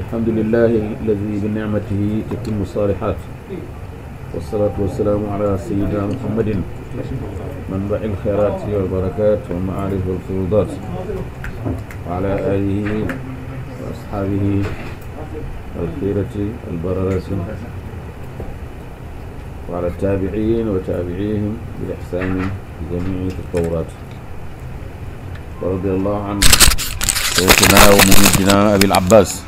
الحمد لله الذي بنعمته تتم الصالحات والصلاة والسلام على سيدنا محمد منبع الخيرات والبركات والمعارف والفروضات وعلى آله وأصحابه الخيرة البررة وعلى التابعين وتابعيهم بإحسان بجميع تطوراته رضي الله عن شيخنا ومريدنا أبي العباس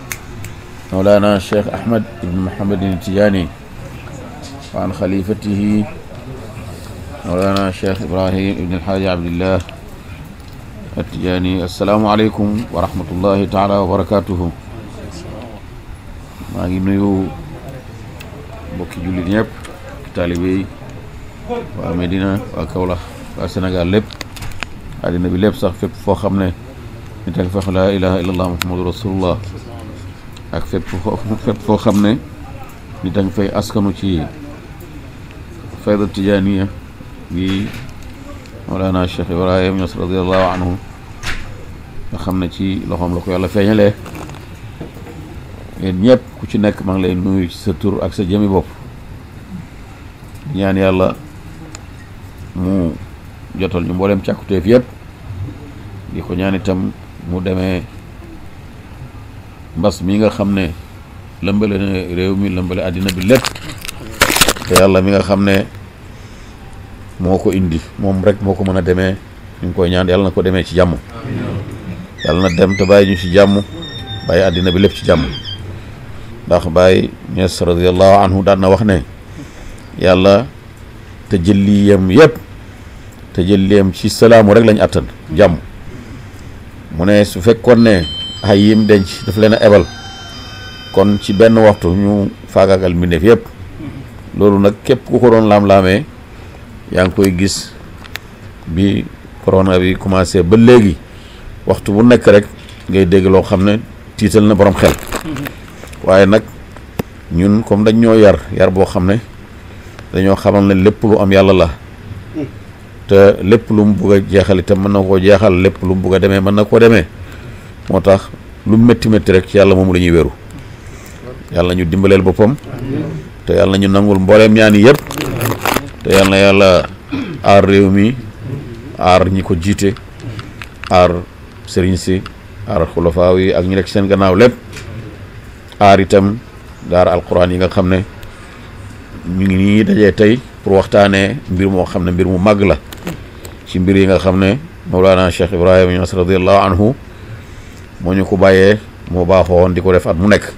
مولانا الشيخ أحمد بن محمد التجاني وعن خليفته مولانا الشيخ إبراهيم بن الحاج عبد الله التجاني السلام عليكم ورحمة الله تعالى وبركاته ما نيو بوكي جولي نيب طالبي taalibe yi waa Medina waa Sénégal lépp àddina bi lépp sax fépp foo xam ne nit ak fexe laa ilaha illallah muhammadu rasulullah ak fépp foo xam ne nit ak fay askanu ci fayda tijaaniya bi Mawlana Cheikh Ibrahim Niass radiallahu ci loxoom la ko yàlla feeñalee yéen ñëpp ku ci nekk maa ngi lay nuyu ci sa tur ak sa jëmi bopp ñaan yàlla jotal ñu mbolem càkkuteef yépp di ko ñaan itam mu demee mbas mi nga xam ne lëmbale na réew mi lembele adina bi lepp te yalla mi nga xam moko indi mom rek moko ko mën ñu koy ñaan yalla na ko ci jamm yalla na dem te bàyyi ñu ci jamm bàyyi adina bi lepp ci jamm ndax radiyallahu anhu da na wax ne yalla te jëlliyam yépp te jël jëlleem ci salaamu rek lañu attan jàmm mu ne su fekkoon ne ay yim denc daf leen a ebal kon ci benn waxtu ñu faagaagal mbindeef yëpp loolu nag képp ku ko doon laam-laamee yaa ngi koy gis bi corona bi commencé ba léegi waxtu bu nekk rek ngay dégg loo xam ne tiital na borom xel waaye nag ñun comme dañ ñoo yar yar boo xam ne dañoo xamal ne lépp lu am yàlla la te lepp lu mu bugg a jeexal itam mën na koo jeexal lépp lu mu bugg démé demee mën na koo demee moo lu metti metti rek ci la ñuy ñu dimbalel bopam te yalla ñu nangul mbooleem ñaan yépp te yalla yalla ar réew mi ar ñi ko jité ar sëriñ ci ar xulafaaw ak ñi rek seen gannaaw lepp ar itam dar alquran yi nga xam ne ñu ngi ni dajé tay pour waxtaanee mbir mo mbir mu mag la ci mbir yi nga xam ne Mawlana Cheikh Ibrahima Niass radiallahu anhu moo ñu ko bàyyee moo baaxoo woon di ko def at mu nekk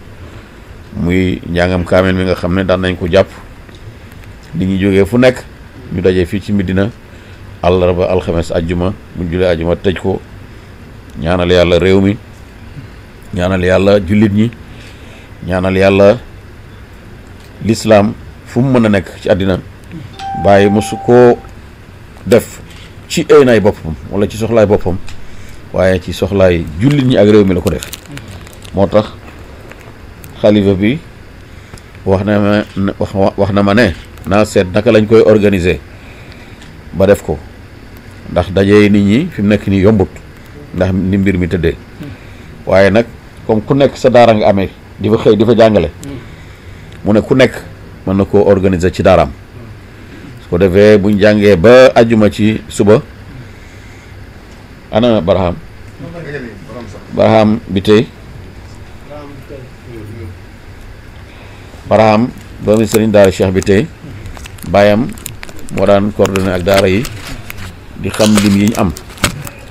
muy njàngam kaamel mi nga xam ne daan nañ ko jàpp li ñi jógee fu nekk ñu daje fii ci Medina àllarba alxames ajjuma mu julee ajjuma tëj ko ñaanal yàlla réew mi ñaanal yàlla jullit ñi ñaanal yàlla lislaam fu mu mën a nekk ci àddina bàyyi mosu koo def ci ay naay boppam wala ci soxlaay boppam waaye ci soxlaay jullit ñi ak réew mi la ko def moo tax xalifa bi wax na ma wax na ma ne naa seet naka lañ koy organiser ba def ko ndax dajee nit ñi fi mu nekk nii yombut ndax ni mbir mi tëddee waaye nag comme ku nekk sa daara nga amee di fa xëy di fa jàngale mm. mu ne ku nekk mën na koo organiser ci daaraam su ko defee buñ jangé ba aljuma ci suba ana baraham baraham bité tey baraham doomi serigne dara cheikh bité bayam mo coordonné ak dara yi di xam lim yi ñu am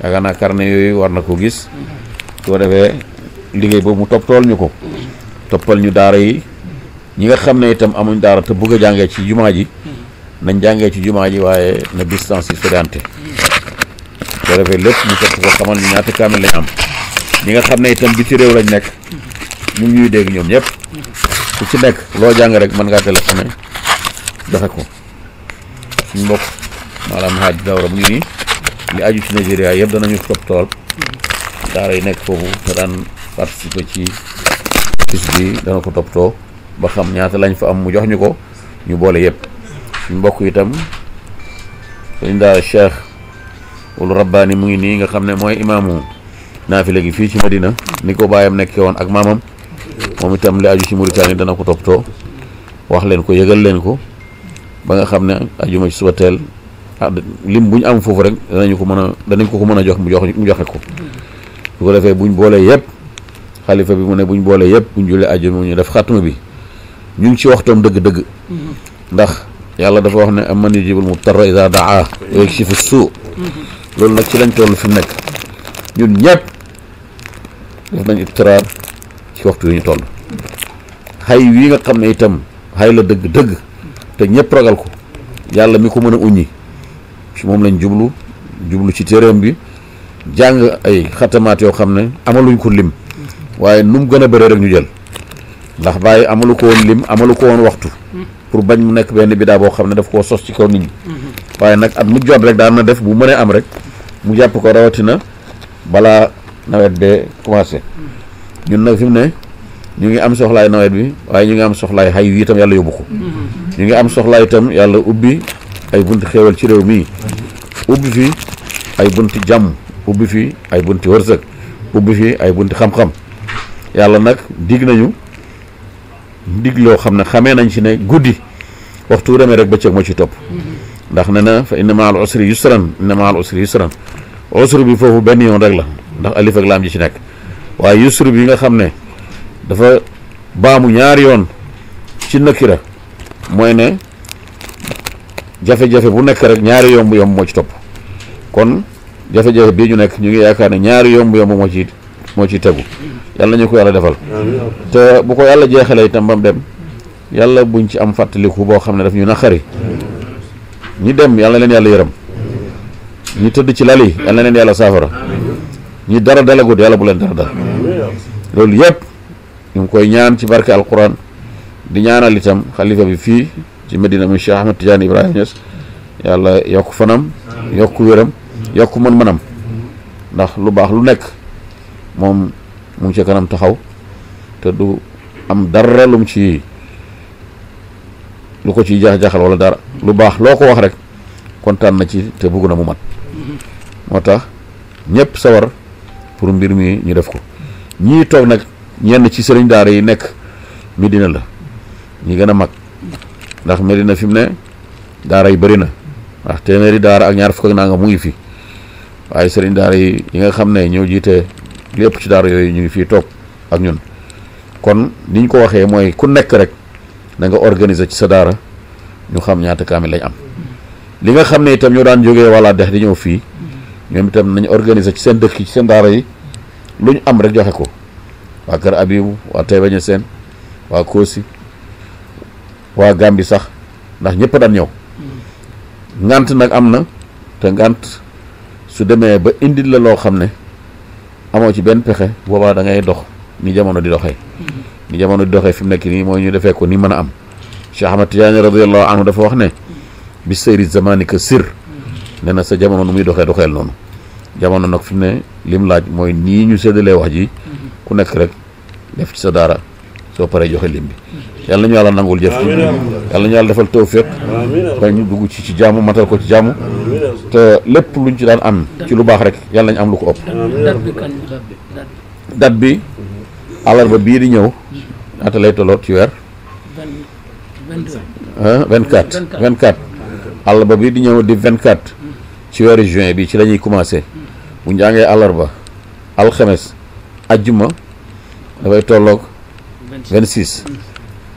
yaakaar naa carnet yoy war na ko gis su ko defee liggéey boobu mu topptool ñu dara yi ñi nga xamné itam amuñ dara te bëgg jangé ci jumaaji nañ jàngee ci jumaa ji waaye na distance yi sodante su ko defee lépp ñu fekk ko xamal ñaata kaamil lañ am ñi nga xam ne itam bi ci réew lañu nekk mu ngi ñuy dégg ñoom ñëpp ku ci nekk loo jàng rek mën ngaa téléphoné joxe ko suñ mbokk maanaam xaaj dawra mu ngi nii li aju ci Nigeria yëpp danañu fopp tool daara yi nekk foofu te daan participer ci bis bi dana ko toppatoo ba xam ñaata lañ fa am mu jox ñu ko ñu boole yëpp mbokk itam sëñ daara cheikh wul rabbaani mu ngi nii nga xam ne mooy imaamu naafila gi fii ci Medina ni ko baayam nekkee woon ak maamam moom itam li aju ci Mauritanie dana ko toppatoo wax leen ko yëgal leen ko ba nga xam ne ajuma ci suba teel ah lim bu ñu am foofu rek danañu ko mën a danañ ko mën a jox mu jox mu joxe ko su ko defee buñ boolee yëpp xalifa bi mu ne buñ boolee yëpp buñ jullee ajuma ñu def xatma bi ñu ngi ci waxtoom dëgg-dëgg mm-hmm. ndax yàlla dafa wax ne man yujibul mubtarra idaa daa wa yakshifu suu loolu nag ci lañ toll fi nekk ñun ñëpp def nañ ibtiraar ci waxtu yu ñu toll xay wii nga xam ne itam xay la dëgg dëgg te ñëpp ragal ko yàlla mi ko mën a uññi ci moom lañ jublu jublu ci téeréem bi jàng ay xatamaat yoo xam ne amaluñ ko lim waaye nu mu gën a bëree rek ñu jël ndax bàyyi amalu ko woon lim amalu ko woon waxtu pour bañ mu nekk benn bidaa boo xam ne daf koo sos ci kaw nit ñi waaye nag at mu jot rek daan na def bu mënee am rek mu jàpp ko rawatina balaa nawet de commencé ñun nag fi mu ne ñu ngi am soxlaay nawet bi waaye ñu ngi am soxlaay xay yi itam yàlla yóbbu ko ñu ngi am soxlaay itam yàlla ubbi ay bunti xéewal ci réew mii ubbi fi ay bunti jàmm ubbi fi ay bunt wërsëg ubbi fi ay bunti xam-xam yàlla nag digg nañu dig loo xam ne xame nañ ci ne guddi waxtu deme rek bëccëg moo ci topp ndax ne na fa inna maal usri yusran inna maal usri yusran usru bi foofu benn yoon rek la ndax alif laam ji ci nekk waaye yusru bi nga xam ne dafa baamu ñaari yoon ci rek mooy ne jafe-jafe bu nekk rek ñaari yomb yomb moo ci topp kon jafe-jafe bii ñu nekk ñu ngi yaakaar ne ñaari yomb yomb moo ci moo ci tegu yalla ñu ko yalla defal te bu ko yalla jeexalee itam bam dem yalla buñ ci am fàttaliku boo xam ne daf ñu naxari ñi dem yalla leen yalla yeeram ñi tedd ci lali yalla leen yalla safara ñi dara dalagut yalla bu leen dara dal loolu yëpp ñu koy ñaan ci barke alquran di ñaanal itam khalifa bi fi ci Medina mu Cheikh Ahmed Tidiane ibrahim Niass yalla yok fanam yok wëram yok mën-mënam ndax lu bax lu nek mom mu ci kanam taxaw te du am dara lum ci lu ko ci jax jaxal wala dara lu bax loko wax rek kontan na ci te buguna mu mat motax ñepp sawar pour mbir mi ñu def ko ñi tok nak ñen ci serigne daara yi nek Medina la ñi gëna mag ndax Medina fim ne daara yi bari na ndax téeméeri daara ak ñaar fukk nga mu ngi fi waye serigne daara yi nga xamne ñoo lépp ci daara yooyu ñu ngi fii toog ak ñun kon ni ñu ko waxee mooy ku nekk rek na nga organiser ci sa daara ñu xam ñaata kaamil lañ am li nga xam ne itam ñoo daan jógee walla dex di ñëw fii ñoom itam nañu organiser ci seen dëkk ci seen daara yi lu ñu am rek joxe ko waa Kër Abibu waa Taïba Niassène waa Koosi waa Gàmbi sax ndax ñëpp daan ñëw ngant nag am na te ngant su demee ba indil la loo xam ne amoo ci benn pexe boobaa da ngay dox ni jamono di doxee mm-hmm. ni jamono di doxee fi mu nekk nii mooy ñu defee ko ni man a am Cheikh Ahmad Tidiane radiallahu anhu dafa wax ne mm-hmm. bi seyri zamani ka sir mm-hmm. ne na sa jamono nu muy doxee doxeel noonu jamono nag fi mu ne lim laaj mooy nii ñu séddalee wax ji ku nekk rek def ci sa daara soo paree joxe lim bi yàlla ñu yàlla nangul jëf yàlla ñu yàlla defal tawfiq bañ ñu dugg ci ci jaamu matal ko ci jaamu te lepp luñ ci daan am ci lu baax rek yalla nañ am lu ko ëpp dat bi ba bi kan, di ñew ata lay tolo ci wer 24 24 vingt ba bi di ñew di 24 ci wer juin bi ci lañuy la ñuy commencé bu njàngee àllarba alxames ajjuma da tolloog tolo 26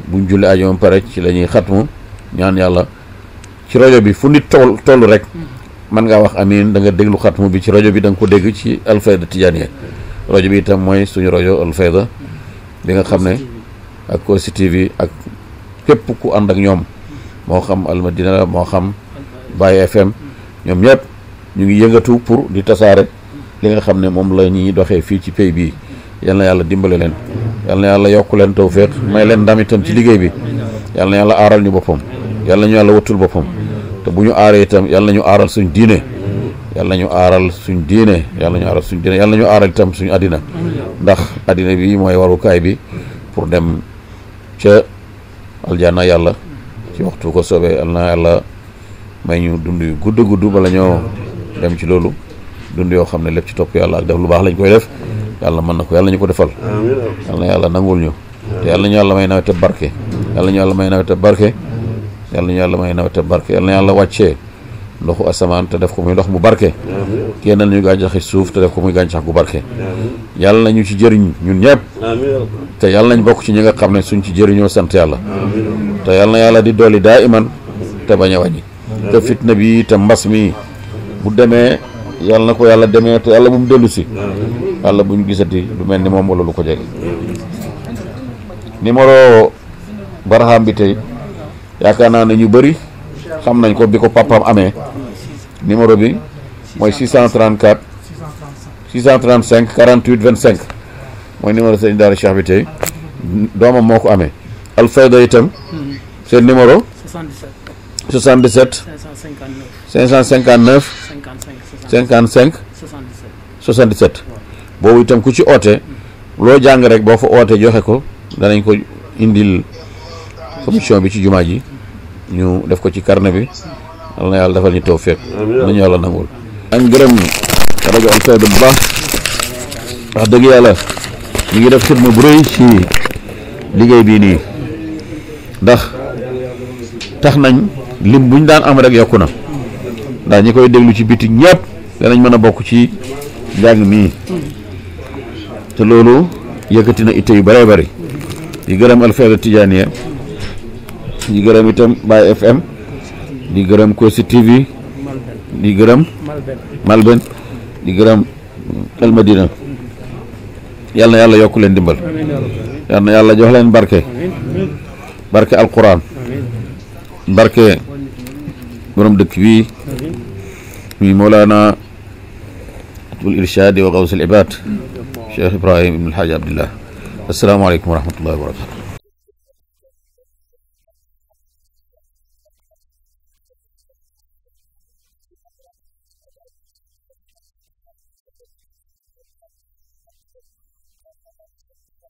bu julli ajjuma pare ci lañuy ñuy xatmu ñaan yalla ci rojo bi fu nit tol tol rek hmm man nga wax amin da nga deglu xatmu bi ci rojo bi dang ko deg ci al fayda tijaniya bi tam moy suñu rojo al fayda bi nga xamne ak ko tv ak kep ku and ak ñom mo xam al madina mo xam baye fm ñom ñep ñu ngi yëngatu pour di tassare li nga xamne mom la ñi doxé fi ci pay bi yalla yalla dimbalé len yalla yalla yok len tawfiq may len damitam ci liggéey bi yalla yalla aral ñu bopam yalla ñu yalla wutul bopam bu ñu aaree itam yàlla nañu aaral suñ diine yàlla ñu aaral suñ diine yàlla ñu aaral suñ diine yàlla nañu aaral itam suñu àddina ndax àddina bi mooy warukaay bi pour dem ca aljaana yàlla ci waxtu ko soobee yàlla na yàlla may ñu dund yu gudd guddu bala ñoo dem ci loolu dund yoo xam ne lépp ci topp yàlla ak def lu baax lañ koy def yàlla mën na ko yàlla ñu ko defal yàlla na yàlla nangul ñu te yàlla yàlla may nawet barke yàlla ñu yàlla may nawet barke yal na ñu yàlla may nawet te barke yal na yàlla wàccee ndoxu asamaan te def ko muy ndox mu barke génnal ñu gàncaxi suuf te def ko muy gàncax gu barke yàlla na ñu ci jëriñ ñun ñëpp te yàlla nañ bokk ci ñi nga xam ne suñ ci jëriñoo sant yàlla te yàlla na yàlla di dolli daa iman te bañ a wàññi te fitna bi te mbas mi bu demee yàlla na ko yàlla demee te yàlla bu mu dellu si yàlla bu ñu gisati lu mel ni moom wala lu ko jege numéro baraham bi tey yaakaar naa ne ñu bëri xam nañ ko bi ko papam amee numéro bi mooy 634 635 48 25 mooy numéro sëñ Daara Cheikh bi tey doomam moo ko amee Alfayda itam seen numéro 77 559 55 77 boobu itam ku ci oote loo jàng rek boo fa ootee joxe ko danañ ko indil commission bi ci juma ji ñu def ko ci carnet bi yàlla na yàlla defal ñu taw fekk nañu yàlla nangul ak gërëm rajo alfayda bu baax wax deug yàlla ñi ngi def xidma bu rëy ci liggéey bi ni ndax tax nañ lim buñ daan am rek yakuna na ndax ñi koy déglu ci biti ñepp danañ mën a bokk ci jang mi te lolu yëkëti na ité yu bari bari di gërëm alfayda tijaniya di gërëm itam Baye FM di gërëm Kossy TV di gërëm Malben di gërëm El yàlla yokk leen dimbal yal na yàlla jox leen barke barke alquran barke borom dëkk bii muy Mawlana atbul irshadi wa gawsul ibad Cheikh Ibrahim ibn Alhaji Abdillah asalaamaaleykum wa rahmatullahi wa